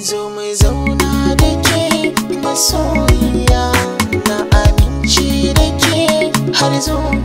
zo mai zauna da ke masoyiya na abinci da ke har zuwa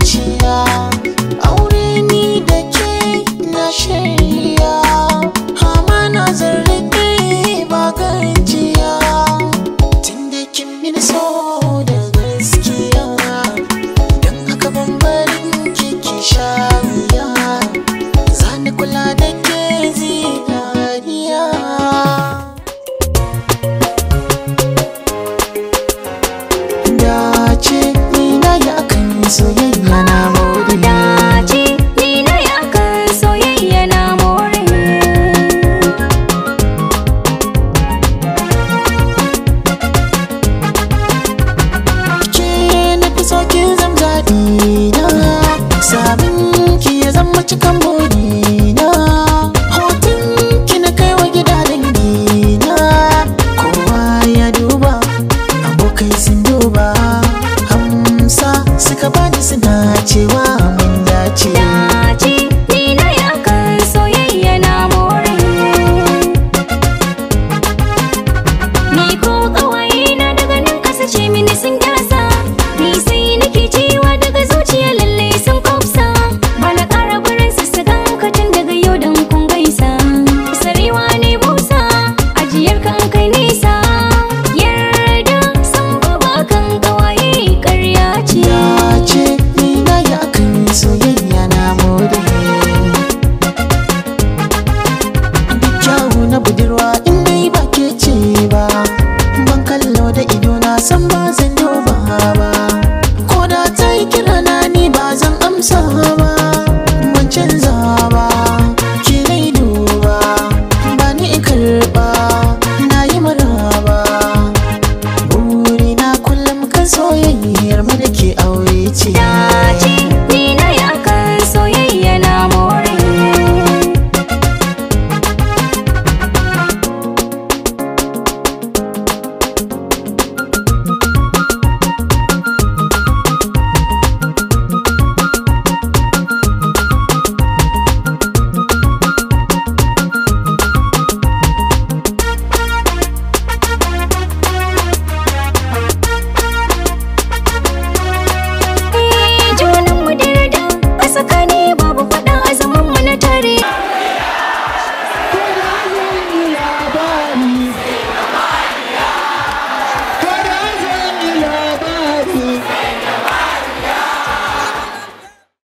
Tonight.